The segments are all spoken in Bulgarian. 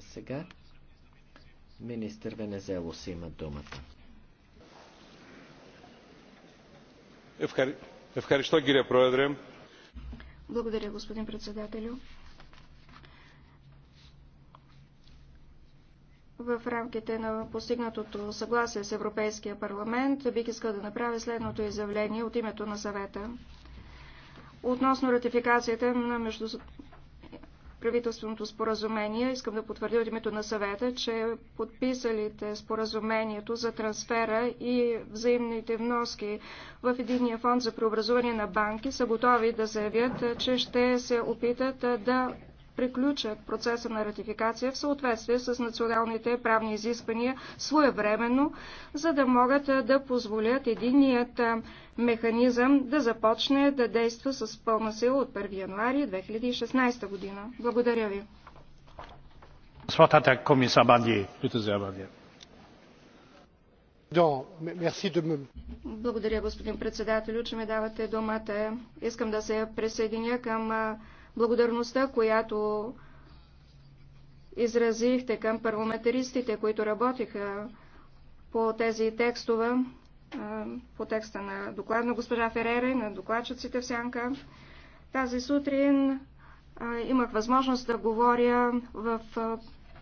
сега министър Венезелос има думата. Благодаря, господин председателю. В рамките на постигнатото съгласие с Европейския парламент бих искал да направя следното изявление от името на съвета относно ратификацията на между правителственото споразумение. Искам да потвърдя от името на съвета, че подписалите споразумението за трансфера и взаимните вноски в Единия фонд за преобразуване на банки са готови да заявят, че ще се опитат да приключа процеса на ратификация в съответствие с националните правни изисквания своевременно, за да могат да позволят единният механизъм да започне да действа с пълна сила от 1 януари 2016 година. Благодаря ви. Благодаря, господин председател, че ми давате думата. Искам да се присъединя към благодарността, която изразихте към парламентаристите, които работиха по тези текстове, по текста на доклад на госпожа Ферере, на докладчиците в Сянка. Тази сутрин имах възможност да говоря в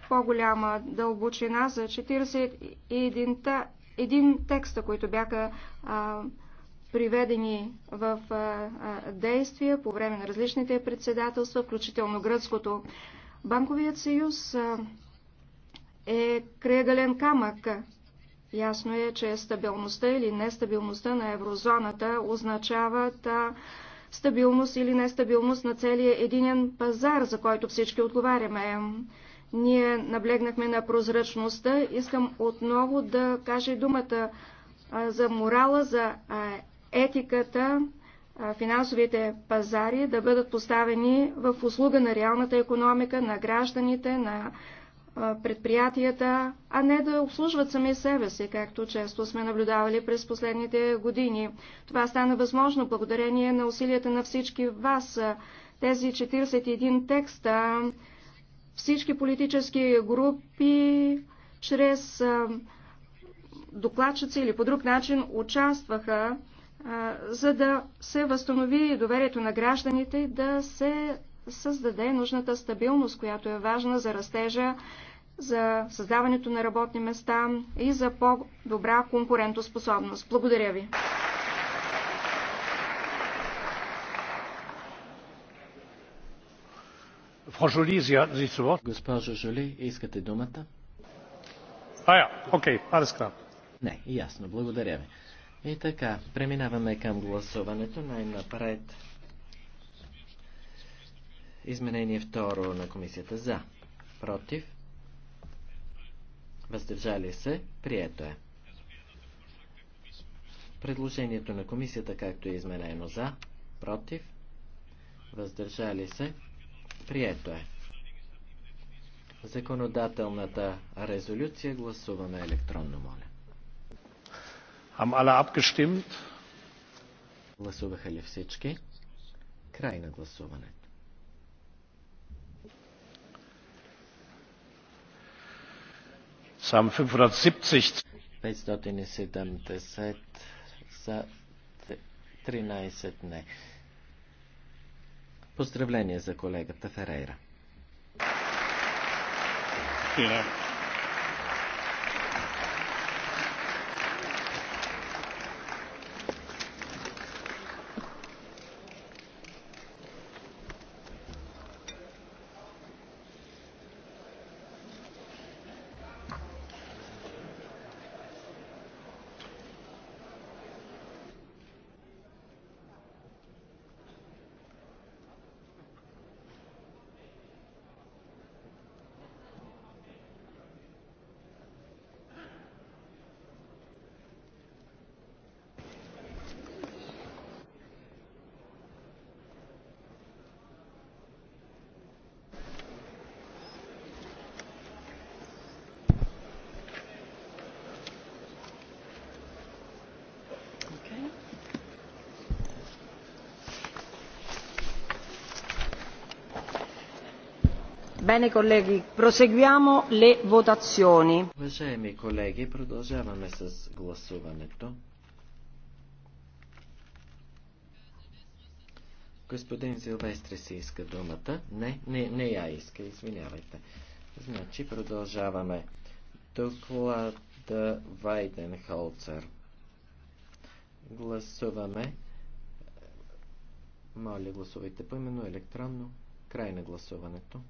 по-голяма дълбочина за 41 текста, които бяха приведени в действие по време на различните председателства, включително гръцкото. Банковият съюз е крегален камък. Ясно е, че стабилността или нестабилността на еврозоната означават стабилност или нестабилност на целия единен пазар, за който всички отговаряме. Ние наблегнахме на прозрачността. Искам отново да кажа думата за морала, за етиката, финансовите пазари да бъдат поставени в услуга на реалната економика, на гражданите, на предприятията, а не да обслужват сами себе си, както често сме наблюдавали през последните години. Това стана възможно благодарение на усилията на всички вас. Тези 41 текста, всички политически групи, чрез докладчици или по друг начин участваха за да се възстанови доверието на гражданите и да се създаде нужната стабилност, която е важна за растежа, за създаването на работни места и за по-добра конкурентоспособност. Благодаря ви. Госпожо Жоли, искате думата? А, окей, Не, ясно, благодаря ви. И така, преминаваме към гласуването. Най-напред изменение второ на комисията за. Против. Въздържали се. Прието е. Предложението на комисията, както е изменено за. Против. Въздържали се. Прието е. Законодателната резолюция гласуваме електронно, моля. Haben alle abgestimmt? Гласуваха ли всички? 570. 570 за 13 не. Поздравление за колегата Ферейра. Yeah. Bene colleghi, proseguiamo le votazioni. Уважаеми колеги, продължаваме с гласуването. Господин Зилвестри си иска думата. Не, не, не я иска, извинявайте. Значи продължаваме. Доклада Вайденхолцер. Гласуваме. Моля, гласувайте по именно електронно. Край на гласуването.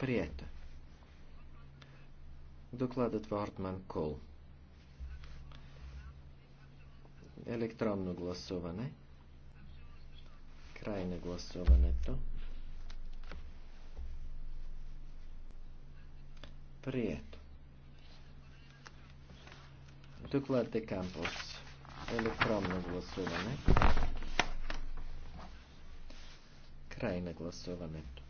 Прието. Докладът Вортман Кол. Електронно гласуване. Край на гласуването. Прието. Доклад е кампус. Електронно гласуване. Край на гласуването.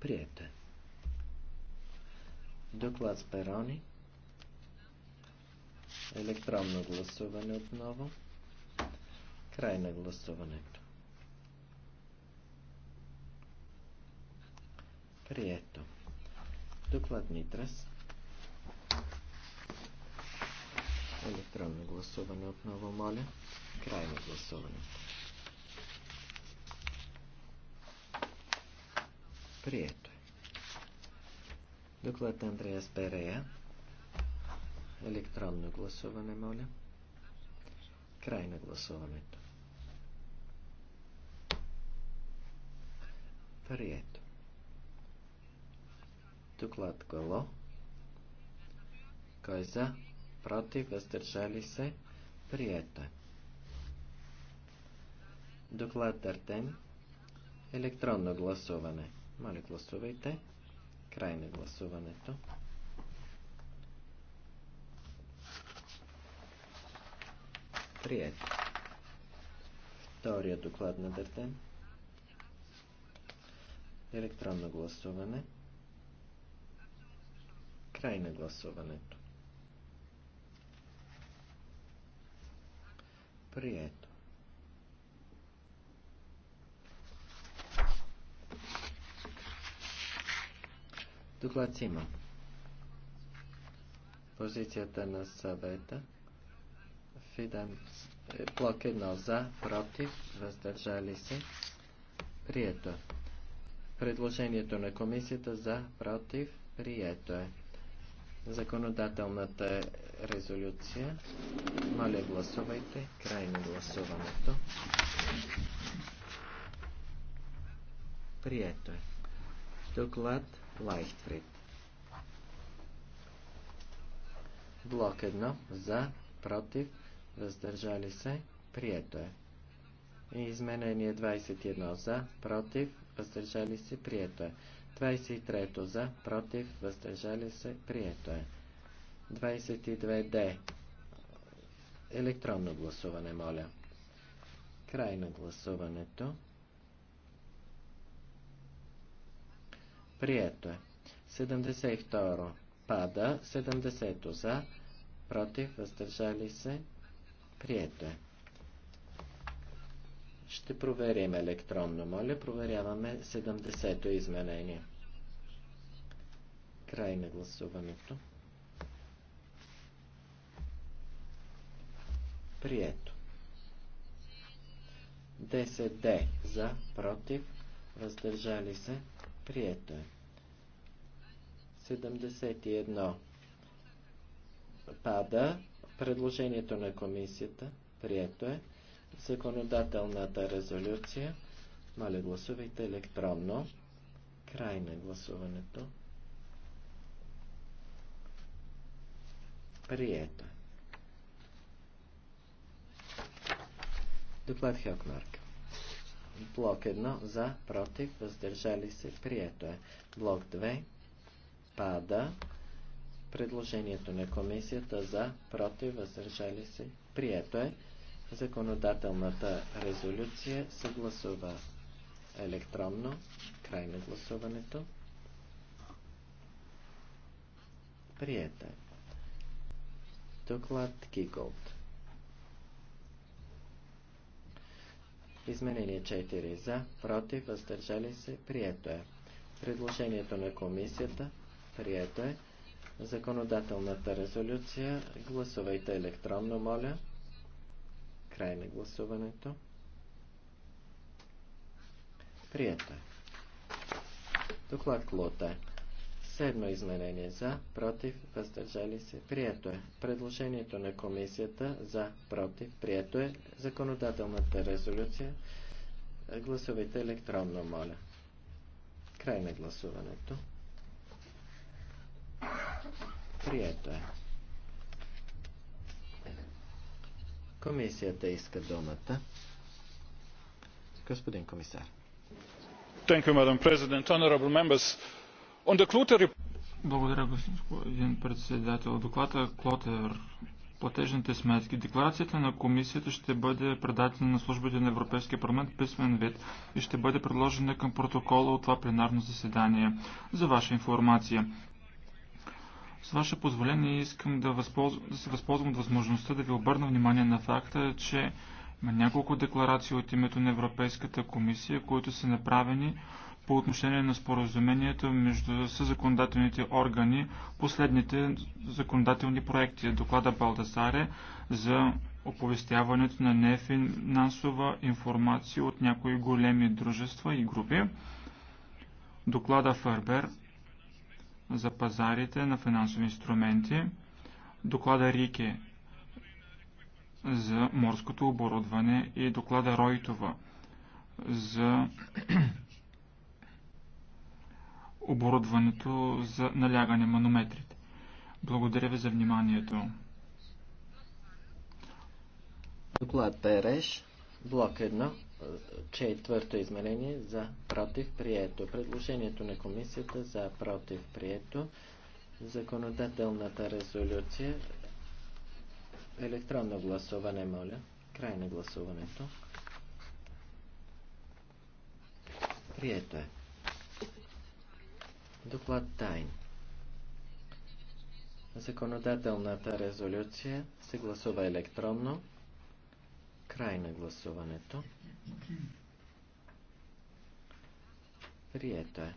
Прието е. Доклад с перони. Електронно гласуване отново. Край на гласуването. Прието. Доклад Нитрес. Електронно гласуване отново, моля. Край на гласуването. Прието. Е. Доклад Андреас Берея. Електронно гласуване, моля. Край на гласуването. Прието. Доклад Гало. Кой за? Против? Въздържали се? Прието. Е. Доклад Дартен. Електронно гласуване. Моля, гласувайте. Край на гласуването. Прието. Втория доклад на Дъртен. Електронно гласуване. Край на гласуването. Прието. Доклад има Позицията на съвета. Фидан. Е, блок едно за, против, въздържали се. Прието. Предложението на комисията за, против, прието е. Законодателната резолюция. Моля, гласувайте. Край на гласуването. Прието е. Доклад Лайхтфрид. Блок 1 за, против, въздържали се, прието е. И изменение 21 за, против, въздържали се, прието е. 23 за, против, въздържали се, прието е. 22 Д. Електронно гласуване, моля. Край на гласуването. Прието е. 72. Пада. 70. За. Против. Въздържали се. Прието е. Ще проверим електронно. Моля, проверяваме 70-то изменение. Край на гласуването. Прието. 10D за, против, въздържали се. Прието е. 71. Пада предложението на комисията. Прието е. Законодателната резолюция. Моля, гласувайте електронно. Край на гласуването. Прието. Е. Доклад Хелкмарка. Блок 1 за, против, въздържали се, прието е. Блок 2 пада. Предложението на комисията за, против, въздържали се, прието е. Законодателната резолюция се гласува електронно. Край на гласуването. Прието е. Доклад Гиголд. Изменение 4 за, против, въздържали се, прието е. Предложението на комисията, прието е. Законодателната резолюция, гласувайте електронно, моля. Край на гласуването. Прието е. Доклад Клота. Седмо изменение за, против, въздържали се, прието е. Предложението на комисията за, против, прието е. Законодателната резолюция. Гласовете електронно, моля. Край на гласуването. Прието е. Комисията иска думата. Господин комисар. Thank you, Madam President. Honorable members, благодаря, господин председател. Доклада Клотер платежните сметки. Декларацията на комисията ще бъде предадена на службите на Европейския парламент писмен вид и ще бъде предложена към протокола от това пленарно заседание. За ваша информация. С ваше позволение искам да, възползв... да се възползвам от възможността да ви обърна внимание на факта, че има няколко декларации от името на Европейската комисия, които са направени по отношение на споразумението между законодателните органи последните законодателни проекти. Доклада Балдасаре за оповестяването на нефинансова информация от някои големи дружества и групи. Доклада Фербер, за пазарите на финансови инструменти. Доклада Рике за морското оборудване и доклада Ройтова за оборудването за налягане манометрите. Благодаря ви за вниманието. Доклад Береш, блок 1, четвърто измерение за против прието. Предложението на комисията за против прието. Законодателната резолюция. Електронно гласуване, моля. Край на гласуването. Прието е. Доклад Тайн. Законодателната резолюция се гласува електронно. Край на гласуването. Прието е.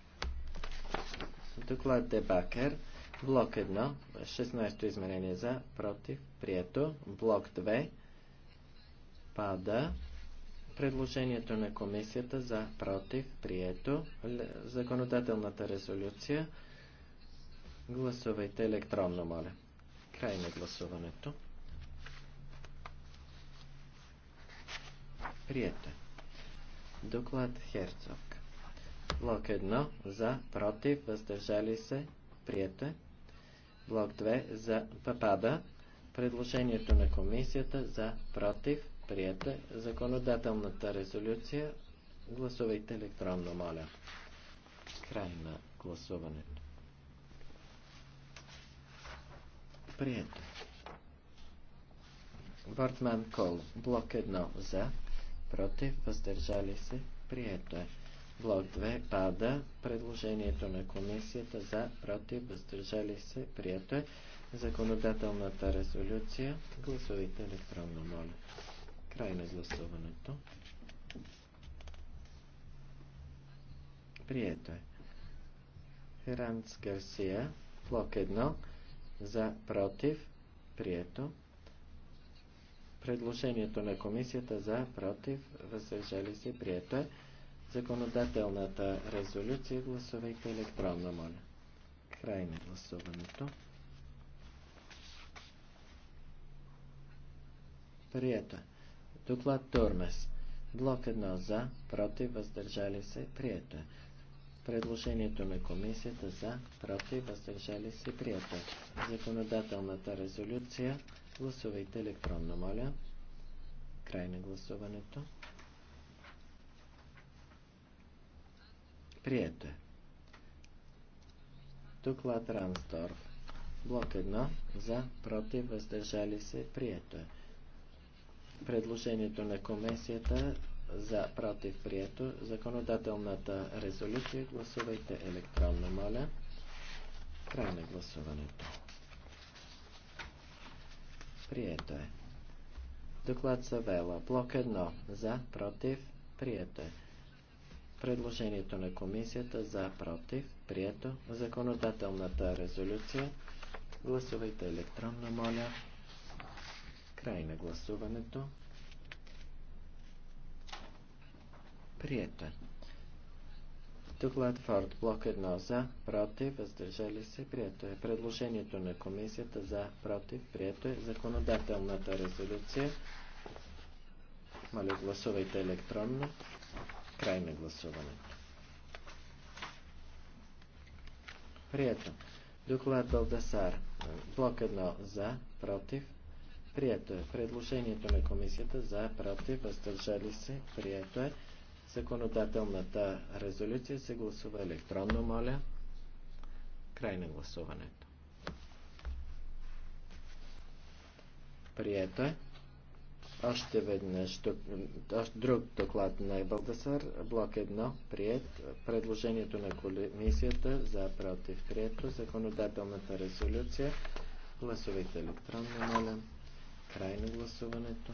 Доклад Дебакер. Блок 1. 16-то изменение за. Против. Прието. Блок 2. Пада. Предложението на комисията за против прието. Законодателната резолюция. Гласувайте електронно, моля. Край на гласуването. Прието. Е. Доклад Херцог. Блок 1 за против, въздържали се, прието е. Блок 2 за папада. Предложението на комисията за против прията. Е законодателната резолюция гласувайте електронно, моля. Край на гласуването. Прието. Бортман Кол. Блок 1 за. Против. Въздържали се. Прието е. Блок 2 пада. Предложението на комисията за. Против. Въздържали се. Прието е. Законодателната резолюция. Гласувайте електронно, моля. Край на гласуването. Прието е. Херанц Гарсия, блок 1, за, против, прието. Предложението на комисията за, против, въздържали се, прието е. Законодателната резолюция гласувайте електронно, моля. Край на гласуването. Прието е. Доклад Турмес. Блок 1 за, против, въздържали се, прието е. Предложението на комисията за, против, въздържали се, прието е. Законодателната резолюция. Гласувайте електронно, моля. Край на гласуването. Прието е. Доклад Рамсторф. Блок 1 за, против, въздържали се, прието е предложението на комисията за против прието. Законодателната резолюция гласувайте електронно, моля. Край на гласуването. Прието е. Доклад Савела. Блок 1. За, против, прието е. Предложението на комисията за, против, прието. Законодателната резолюция. Гласувайте електронно, моля. Край на гласуването. Прието е. Доклад Форд Блок 1 за, против, въздържали се, прието е. Предложението на комисията за, против, прието е. Законодателната резолюция. Моля, гласувайте електронно. Край на гласуването. Прието. Доклад Балдасар. Блок 1 за, против, Прието е. Предложението на комисията за, против, въздържали се. Прието е. Законодателната резолюция се гласува електронно, моля. Край на гласуването. Прието е. Още веднъж друг доклад на Балдасар, блок 1, прият. Предложението на комисията за против прието. Законодателната резолюция. Гласовите електронно, моля. Край на гласуването.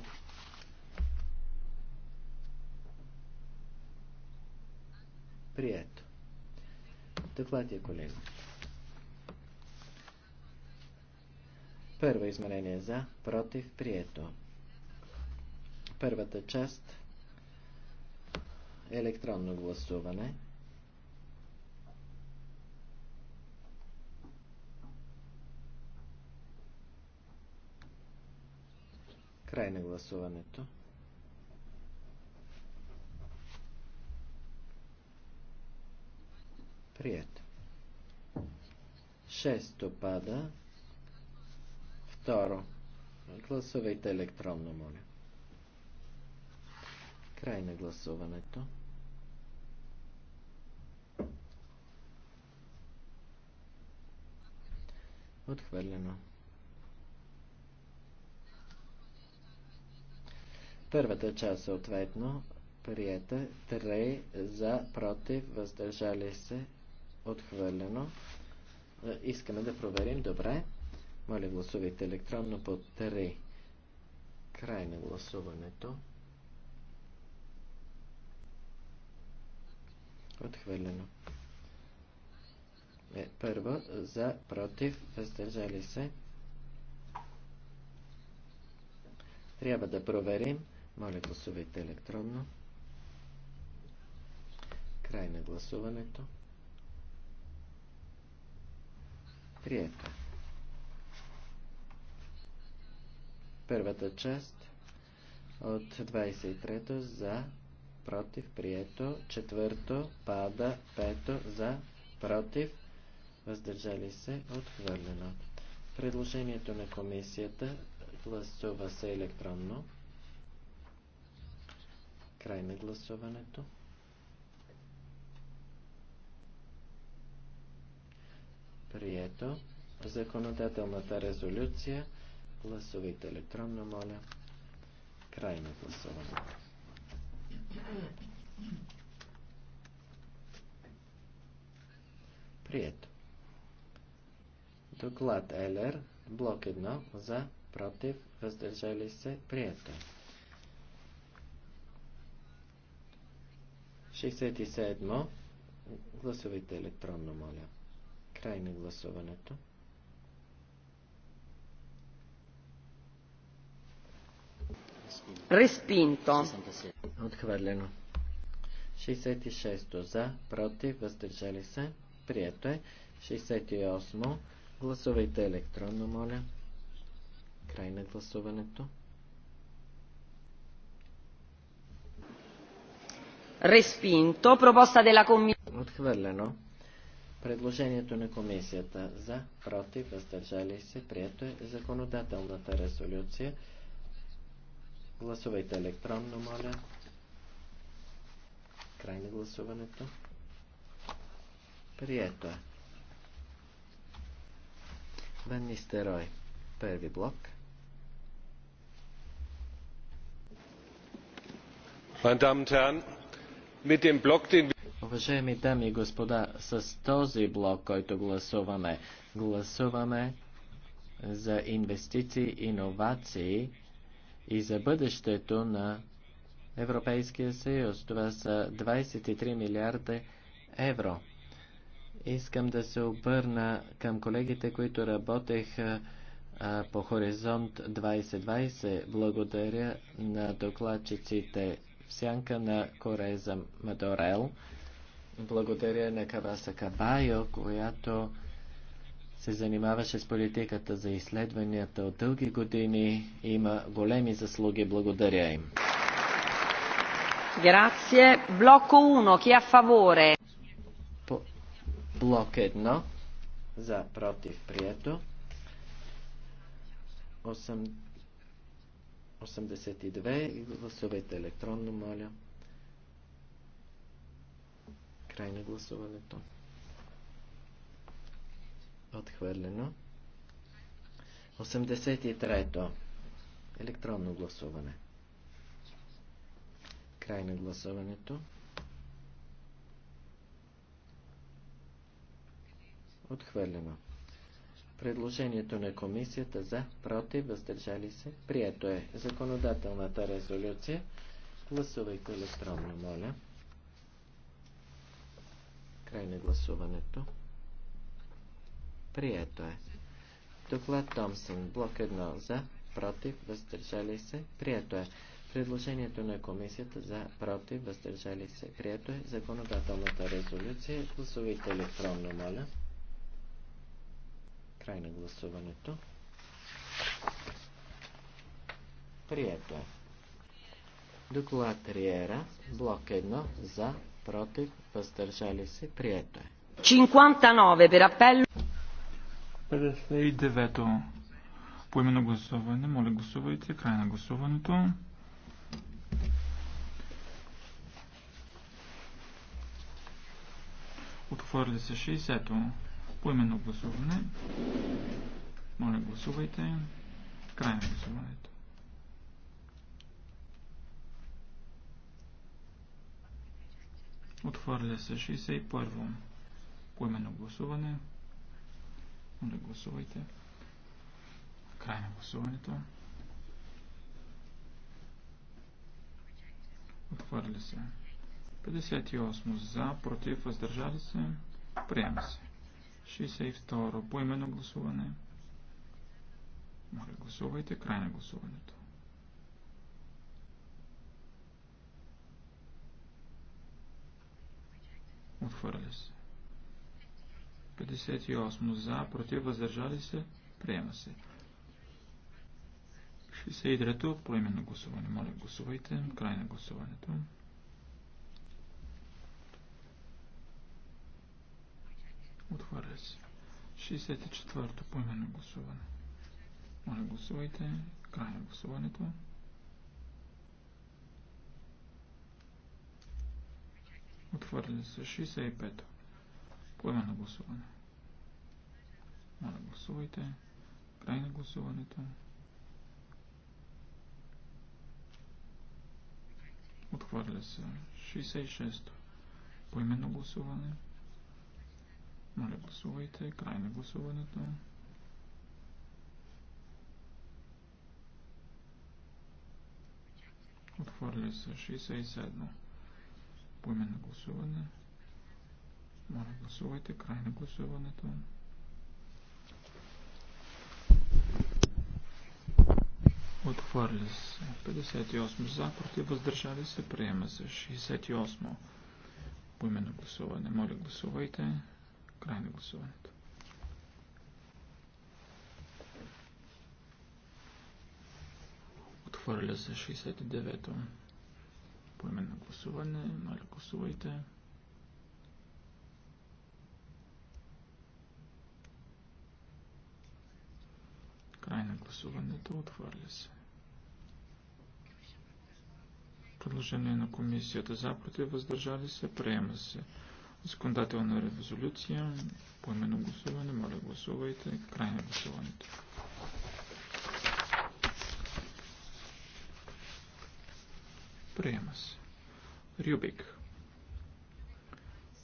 Прието. Доклад е колега. Първо измерение за, против, прието. Първата част електронно гласуване. Край на гласуването. Прието. Шесто пада. Второ. Гласувайте електронно, моля. Край на гласуването. Отхвърлено. Първата част съответно приета, 3 за, против, въздържали се, отхвърлено. Е, искаме да проверим, добре. Моля гласувайте електронно по 3. Край на гласуването. Отхвърлено. Е, първо, за, против, въздържали се. Трябва да проверим. Моля, гласувайте електронно. Край на гласуването. Прието. Първата част от 23-то за, против, прието. Четвърто пада, пето за, против, въздържали се, отхвърлено. Предложението на комисията гласува се електронно. Край на гласуването. Прието. Законодателната резолюция. Гласувайте електронно, моля. Край на гласуването. Прието. Доклад Елер, блок 1, за, против, въздържали се, прието. 67. Гласувайте електронно, моля. Край на гласуването. Респинто. Отхвърлено. 66 за, против, въздържали се. Прието е. 68. Гласувайте електронно, моля. Край на гласуването. Отхвърлено. Предложението на комисията за, против, въздържали се, прието е законодателната резолюция. Гласувайте електронно, моля. Край на гласуването. Прието е. Ваннистерой. Първи блок. Meine Damen Уважаеми дами и господа, с този блок, който гласуваме, гласуваме за инвестиции, иновации и за бъдещето на Европейския съюз. Това са 23 милиарда евро. Искам да се обърна към колегите, които работеха по Хоризонт 2020. Благодаря на докладчиците сянка на Кореза Мадорел. Благодаря на Каваса Кабайо, която се занимаваше с политиката за изследванията от дълги години и има големи заслуги. Благодаря им. Грация. Блок 1. Chi è a Блок 1. За против прието. 8 82. Гласувайте електронно, моля. Край на гласуването. Отхвърлено. 83-то. Електронно гласуване. Край на гласуването. Отхвърлено. 84. Предложението на комисията за, против, въздържали се, прието е. Законодателната резолюция. Гласувайте електронно, моля. Край на гласуването. Прието е. Доклад Томсън. Блок 1 за, против, въздържали се, прието е. Предложението на комисията за, против, въздържали се, прието е. Законодателната резолюция. Гласувайте електронно, моля. Край на гласуването. Прието е. Доклад Риера, блок 1, за, против, въздържали се, прието е. 59 per appello. 59-то. По именно гласуване, моля гласувайте, край на гласуването. Отхвърли се 60-то. Поименно гласуване. Моля, гласувайте. Край на гласуването. Отхвърля се 61. во Поименно гласуване. Моля, гласувайте. Край на гласуването. Отхвърля се. 58 за, против, въздържали се. Приема се. 62. Поименно гласуване. Моля, гласувайте. Край на гласуването. Отхвърля се. 58. За, против, въздържали се. Приема се. 63-то, поименно гласуване. Моля, гласувайте. Край на гласуването. Отваря се. 64-то поименно гласуване. Моля гласувайте. Край на гласуването. Отвърля се 65-то. Поименно гласуване. Моля гласувайте. Край на гласуването. Отхвърля се 66-то. Поименно гласуване. се моля, гласувайте. Край на гласуването. Отхвърля се 67. Поимен на гласуване. Моля, гласувайте. Край на гласуването. Отхвърля се. 58 за, против, въздържали се, приема се. 68. на гласуване. Моля, гласувайте. Край на гласуването. Отхвърля се 69-то. Поименно гласуване. Моля, гласувайте. Край на гласуването. Отхвърля се. Предложение на комисията за против въздържали се. Приема се. Законодателна резолюция, поименно гласуване, моля гласувайте, край на гласуването. Приема се. Рюбик.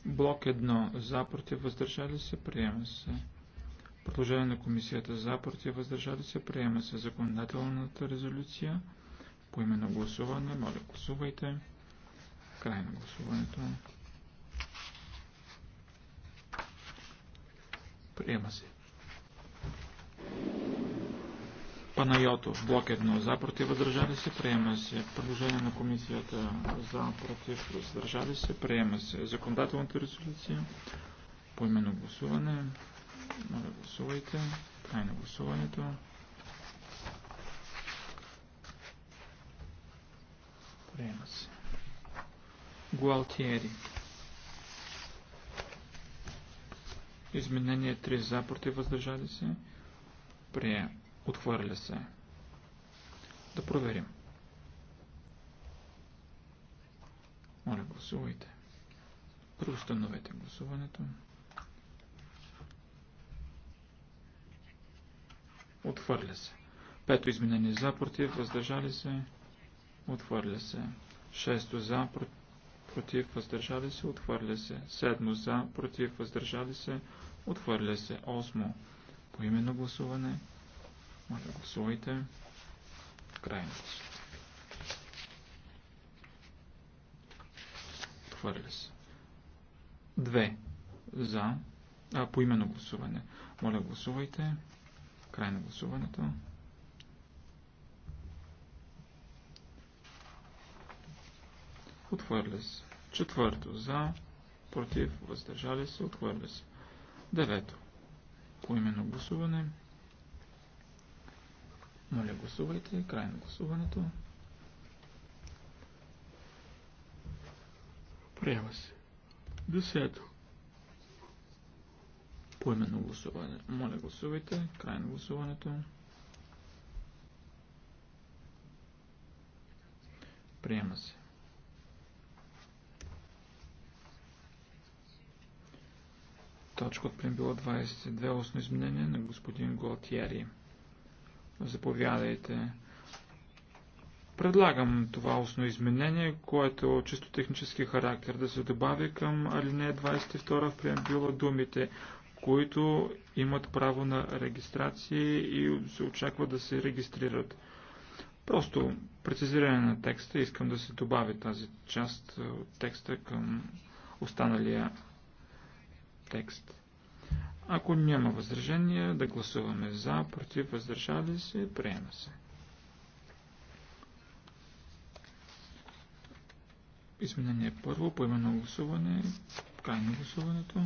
Блок 1. За, против, въздържали се. Приема се. Продължение на комисията за, против, въздържали се. Приема се законодателната резолюция. По именно гласуване. Моля, гласувайте. Край на гласуването. Приема се. Панайото, блок 1, за, против, въздържали се, приема се. Предложение на комисията за, против, въздържали се, приема се. Законодателната резолюция, поименно гласуване. Моля, гласувайте. Край на гласуването. Приема се. Гуалтиери. Изменение 3 за, против, въздържали се. Прие. Отхвърля се. Да проверим. Моля, гласувайте. Преустановете гласуването. Отхвърля се. Пето изменение за, против, въздържали се. Отхвърля се. Шесто за, против против, въздържали се, отхвърля се. Седмо за, против, въздържали се, отхвърля се. Осмо. По именно гласуване. Моля, гласувайте. Крайно. Отхвърля се. Две. За. А, по именно гласуване. Моля, гласувайте. Край на гласуването. Отхвърля се. Четвърто. За. Против. Въздържали се. Отхвърля се. Девето. Поименно гласуване. Моля, гласувайте. Край на гласуването. Приема се. Десето. Поименно гласуване. Моля, гласувайте. Край на гласуването. Приема се. точка от преамбила 22, осно изменение на господин Голтиери. Заповядайте. Предлагам това основно изменение, което е чисто технически характер, да се добави към алинея 22 в преамбюла думите, които имат право на регистрация и се очаква да се регистрират. Просто прецизиране на текста, искам да се добави тази част от текста към останалия текст. Ако няма възражения, да гласуваме за, против, въздържали се, приема се. Изменение първо, поименно гласуване, на гласуването.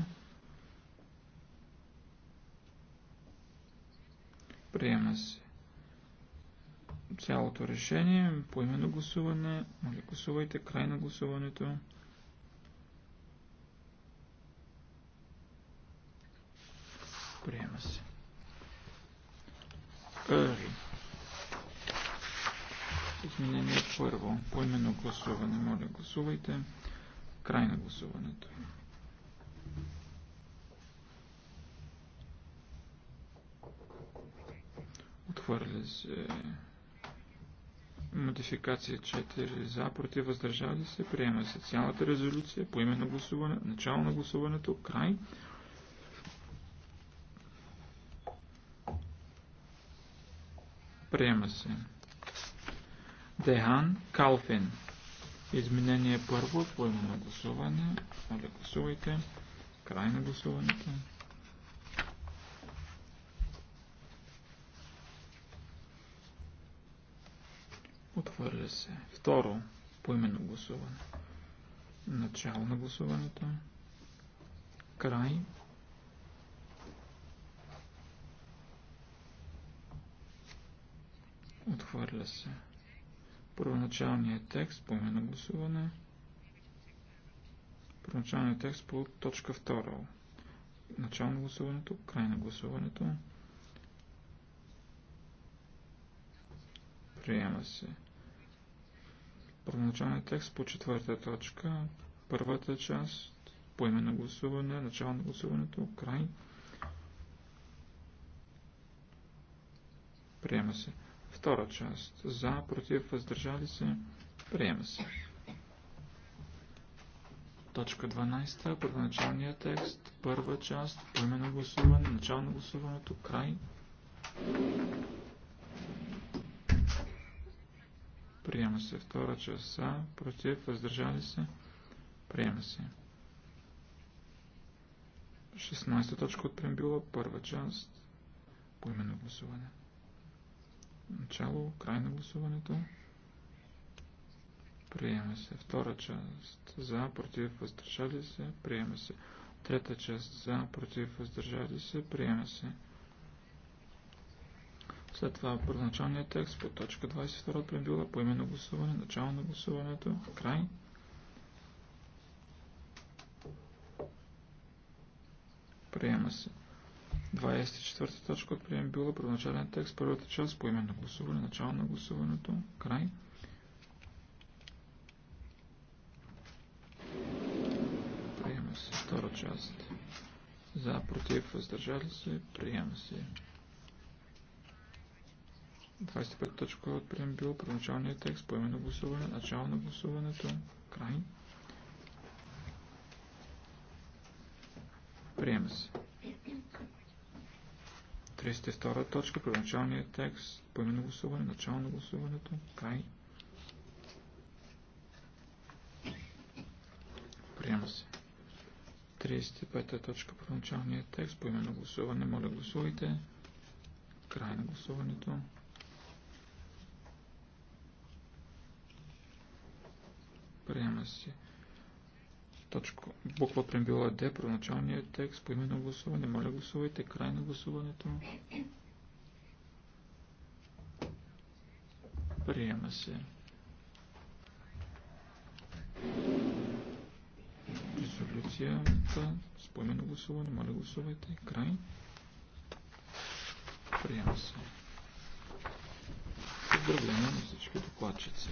Приема се цялото решение, поименно гласуване, моля гласувайте, край на гласуването. Е, изменение първо. Поименно гласуване. Моля, гласувайте. Край на гласуването. Отхвърля се модификация 4 за, против, въздържали се, приема се цялата резолюция, по именно гласуване, начало на гласуването, край. Приема се. Дехан Калфин. Изменение първо, на гласуване. Моля, гласувайте. Край на гласуването. Отвърля се. Второ, поименно гласуване. Начало на гласуването. Край. Отхвърля се. Първоначалният текст, по на гласуване. Първоначалният текст по точка 2. Начало на гласуването, край на гласуването. Приема се. Първоначалният текст по четвърта точка. Първата част, по име на гласуване, начало на гласуването, край. Приема се. Втора част. За, против, въздържали се. Приема се. Точка 12. Първоначалния текст. Първа част. Поименно гласуване. Начало на гласуването. Край. Приема се. Втора част. За, против, въздържали се. Приема се. 16 точка от прембила. Първа част. Поименно гласуване. Начало, край на гласуването. Приема се. Втора част за, против, въздържали се. Приема се. Трета част за, против, въздържали се. Приема се. След това първоначалният текст по точка 22 от прембила, по именно гласуване, начало на гласуването, край. Приема се. 24 точка от прием била първоначален текст, първата част, по именно гласуване, начало на гласуването, край. Приема се втора част. За, против, въздържали се, приема се. 25 точка от прием била първоначалният текст, по именно гласуване, начало на гласуването, край. Приема се. 32 точка, първоначалния текст, поименно гласуване, начало на гласуването, край. Приема се. 35 точка, първоначалния текст, поименно гласуване, моля гласувайте, край на гласуването. Приема се. Точка, буква им била Д, първоначалния текст, по именно гласуване. Моля гласувайте, край на гласуването. Приема се. Резолюцията с поименно гласуване. Моля гласувайте, край. Приема се. Поздравление на всички докладчици.